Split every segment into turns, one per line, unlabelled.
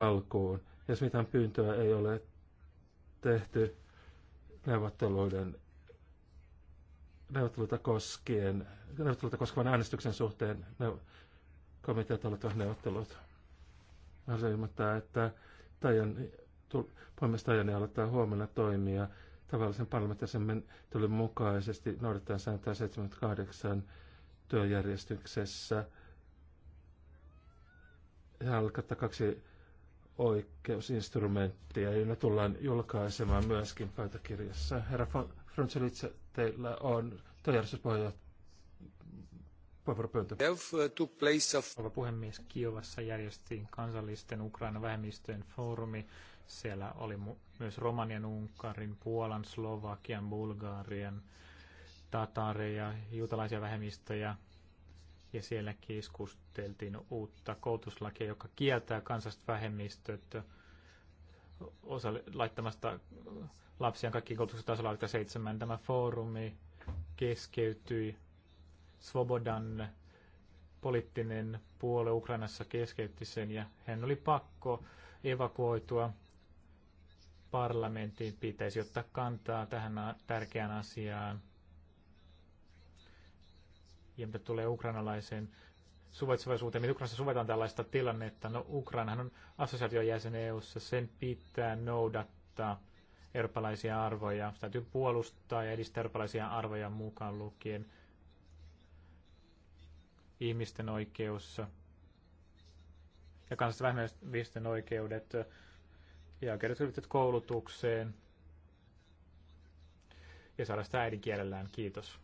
alkuun. Jos mitään pyyntöä ei ole tehty neuvotteluiden neuvotteluita, koskien, neuvotteluita koskevan äänestyksen suhteen ne komiteat aloittavat neuvottelut. Haluaisin ilmoittaa, että Tajani, puhemies Tajani aloittaa huomenna toimia tavallisen parlamentaarisen menettelyn mukaisesti noudattaen sääntöä 78 työjärjestyksessä. Ja alkaa kaksi oikeusinstrumenttia, ja tullaan julkaisemaan myöskin pöytäkirjassa. Herra Fronselitsa, teillä on työjärjestyspuheenjohtaja
puheenvuoropöyntö. Uh, puhemies, Kiovassa järjestettiin kansallisten Ukraina vähemmistöjen foorumi. Siellä oli myös Romanian, Unkarin, Puolan, Slovakian, Bulgarian, Tatareja, juutalaisia vähemmistöjä, ja siellä keskusteltiin uutta koulutuslakia, joka kieltää kansalliset vähemmistöt osa laittamasta lapsia kaikkiin koulutuksen tasolla alta seitsemän. Tämä foorumi keskeytyi. Svobodan poliittinen puole Ukrainassa keskeytti sen ja hän oli pakko evakuoitua. Parlamentin pitäisi ottaa kantaa tähän tärkeään asiaan ja mitä tulee ukrainalaiseen suvaitsevaisuuteen, miten Ukrainassa suvetaan tällaista tilannetta. No Ukrainahan on assosiaation jäsen EU-ssa, sen pitää noudattaa eurooppalaisia arvoja. Sitä täytyy puolustaa ja edistää eurooppalaisia arvoja mukaan lukien ihmisten oikeus ja kansallisten oikeudet ja oikeudet koulutukseen ja saada sitä äidinkielellään. Kiitos.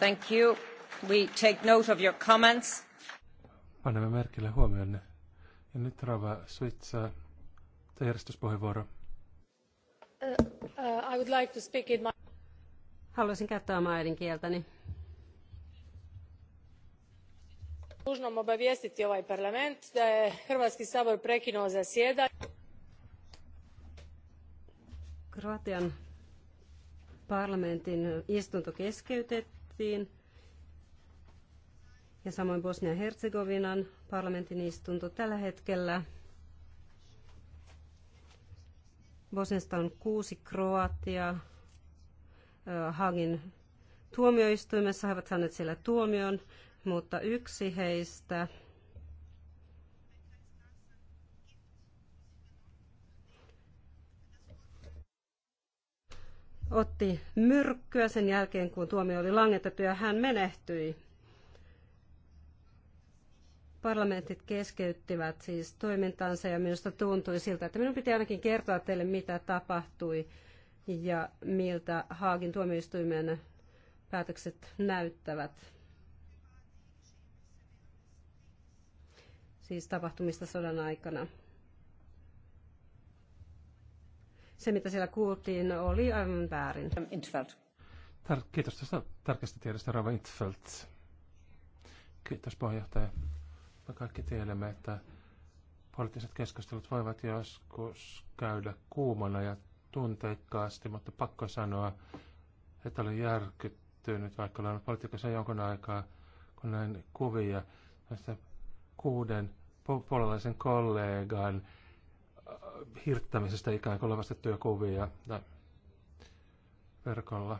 Thank you. We take note of your comments.
Panemme merkille huomionne. Ja nyt Rava Switsa, järjestyspuheenvuoro. Uh, uh, I would like to
speak in my... Haluaisin käyttää omaa äidinkieltäni. Dužnom obavijestiti ovaj parlament da je Hrvatski sabor prekinuo zasjedanje. Kroatian parlamentin istunto keskeytettiin ja samoin Bosnia-Herzegovinan parlamentin istunto tällä hetkellä. Bosniasta on kuusi Kroatia. Hagin tuomioistuimessa he ovat saaneet siellä tuomion, mutta yksi heistä otti myrkkyä sen jälkeen, kun tuomio oli langetettu ja hän menehtyi parlamentit keskeyttivät siis toimintansa ja minusta tuntui siltä, että minun piti ainakin kertoa teille, mitä tapahtui ja miltä Haagin tuomioistuimen päätökset näyttävät. Siis tapahtumista sodan aikana. Se, mitä siellä kuultiin, oli aivan väärin.
Tar- kiitos tästä tärkeästä tiedosta, Rava Intfeldt. Kiitos puheenjohtaja. Me kaikki tiedämme, että poliittiset keskustelut voivat joskus käydä kuumana ja tunteikkaasti, mutta pakko sanoa, että olen järkyttynyt, vaikka olen politiikassa jonkun aikaa, kun näin kuvia tästä kuuden puolalaisen kollegan äh, hirttämisestä ikään kuin lavastettuja kuvia verkolla.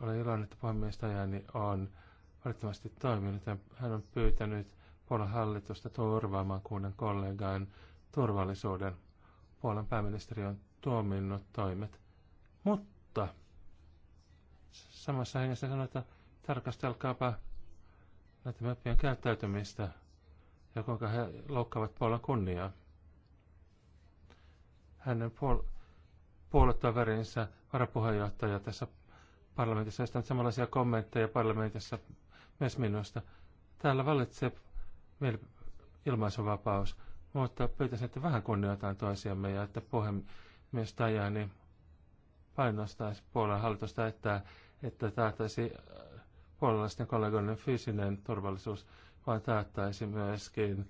Olen iloinen, että puhemiestajani on valitettavasti toiminut. Hän on pyytänyt puolen hallitusta turvaamaan kuuden kollegan turvallisuuden. Puolen pääministeri on tuominnut toimet. Mutta samassa hengessä sanoi, että tarkastelkaapa näitä meppien käyttäytymistä ja kuinka he loukkaavat puolen kunniaa. Hänen puol- puoluetoverinsä varapuheenjohtaja tässä parlamentissa on samanlaisia kommentteja parlamentissa myös minusta. Täällä vallitsee ilmaisuvapaus, mutta pyytäisin, että vähän kunnioitetaan toisiamme ja että puhemies Tajani painostaisi puolueen hallitusta, että, että taattaisi äh, puolalaisten kollegoiden fyysinen turvallisuus, vaan taattaisi myöskin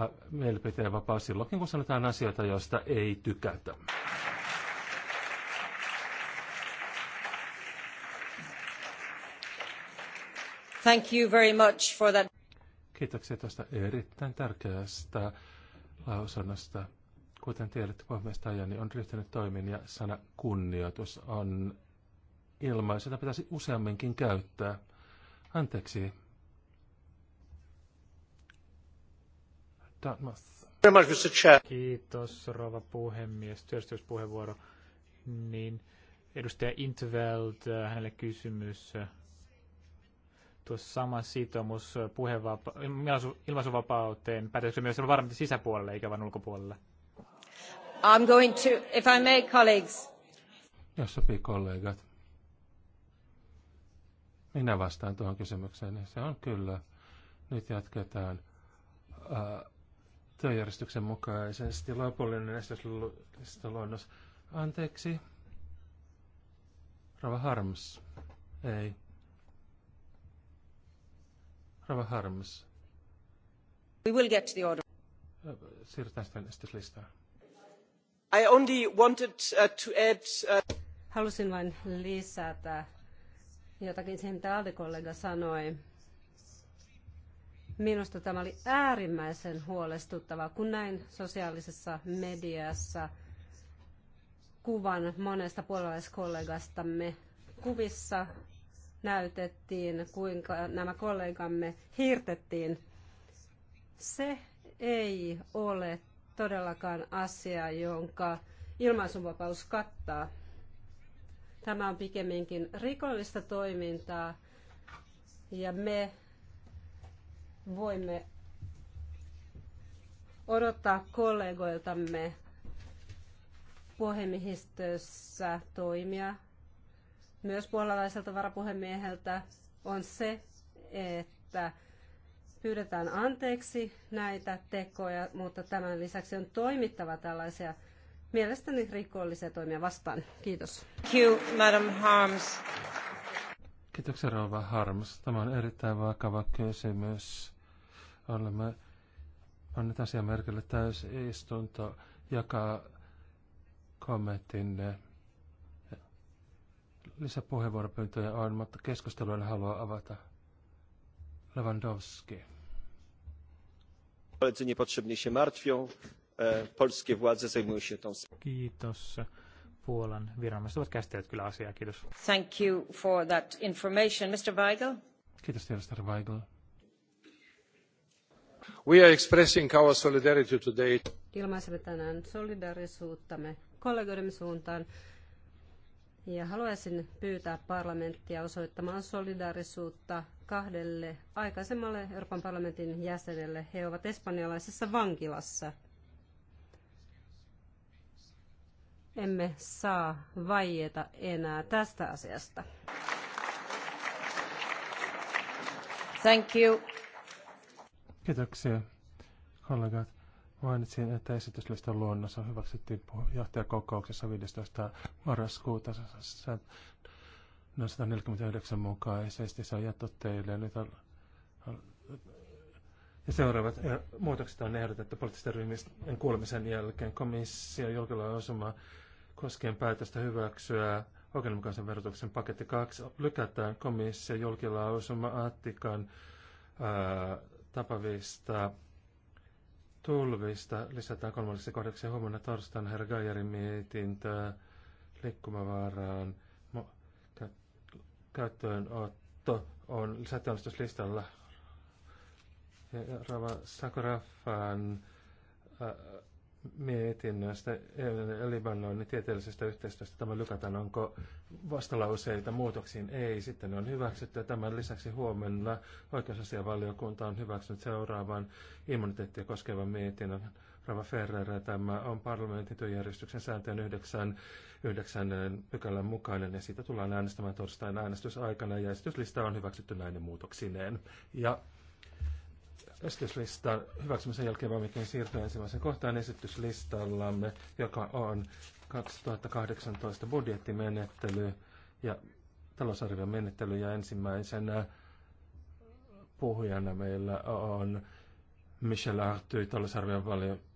äh, mielipiteen vapaus silloin, kun sanotaan asioita, joista ei tykätä.
Thank you very much
for that. Kiitoksia tästä erittäin tärkeästä lausunnosta. Kuten tiedätte, puhemiestä Ajani on ryhtynyt toimin ja sana kunnioitus on ilmaisu, jota pitäisi useamminkin käyttää. Anteeksi.
Kiitos, rouva puhemies. Työstyspuheenvuoro. Niin, edustaja Intveld, äh, hänelle kysymys tuo sama sitoumus puheenvapa- ilmaisuvapauteen, päteekö myös varmasti sisäpuolelle eikä vain ulkopuolelle?
I'm going to, if I may, colleagues.
Jos sopii kollegat. Minä vastaan tuohon kysymykseen. Se on kyllä. Nyt jatketaan äh, työjärjestyksen mukaisesti lopullinen esitysluonnos. Anteeksi. Rava Harms. Ei. Rava Harms. We will get the order. Siirrytään sitten listaan.
I only wanted uh, to add... Uh, Halusin vain lisätä jotakin siihen, mitä Aldi-kollega sanoi. Minusta tämä oli äärimmäisen huolestuttavaa, kun näin sosiaalisessa mediassa kuvan monesta puolalaiskollegastamme kuvissa, näytettiin, kuinka nämä kollegamme hirtettiin, se ei ole todellakaan asia, jonka ilmaisunvapaus kattaa. Tämä on pikemminkin rikollista toimintaa ja me voimme odottaa kollegoiltamme puhemiehistössä toimia myös puolalaiselta varapuhemieheltä on se, että pyydetään anteeksi näitä tekoja, mutta tämän lisäksi on toimittava tällaisia mielestäni rikollisia toimia vastaan. Kiitos. you, Madam
Harms. Kiitoksia, Rova Harms. Tämä on erittäin vakava kysymys. Olemme panneet asiamerkille täysistunto, joka kommentinne Lisäpuheenvuoropyyntöjä on, mutta keskustelua haluaa avata. Lewandowski.
Koledzy niepotrzebnie się martwią. E, polskie władze zajmują się tą... Kiitos. Puolan viranomaiset ovat käsitelleet kyllä asiaa. Kiitos.
Thank you for that information. Mr. Weigel.
Kiitos teille, Mr. Weigel. We are expressing our solidarity today.
Ilmaisemme tänään solidarisuuttamme kollegoidemme suuntaan ja haluaisin pyytää parlamenttia osoittamaan solidaarisuutta kahdelle aikaisemmalle Euroopan parlamentin jäsenelle. He ovat espanjalaisessa vankilassa. Emme saa vaieta enää tästä asiasta. Thank you.
Kiitoksia, kollegat. Mainitsin, että esityslistan luonnossa hyväksyttiin johtajakokouksessa 15. marraskuuta 149 mukaisesti. Se on jätetty teille. Nyt on, ja seuraavat muutokset on ehdotettu poliittisten ryhmien kuulemisen jälkeen. Komissio julkilausuma koskien päätöstä hyväksyä oikeudenmukaisen verotuksen paketti 2 lykätään komission julkilausuma Attikan ää, tapavista tulvista lisätään kolmanneksi kohdaksi huomenna torstaina herra Gajarin mietintö liikkumavaraan käyttöönotto on lisätyöllistyslistalla. Ja Rava Sakoraffan äh, mietinnöstä eh, Libanonin tieteellisestä yhteistyöstä. Tämä lykätään, onko vastalauseita muutoksiin? Ei, sitten on hyväksytty. Tämän lisäksi huomenna oikeusasiavaliokunta on hyväksynyt seuraavan immuniteettia koskevan mietinnön. Rava Ferrer, tämä on parlamentin työjärjestyksen sääntöjen 9, 9 eh, pykälän mukainen ja siitä tullaan äänestämään torstain äänestysaikana ja esityslista on hyväksytty näiden muutoksineen. Ja esityslistan hyväksymisen jälkeen voimmekin siirtyä ensimmäisen kohtaan esityslistallamme, joka on 2018 budjettimenettely ja talousarvion menettely. Ja ensimmäisenä puhujana meillä on Michel Arthuy, talousarvion valio,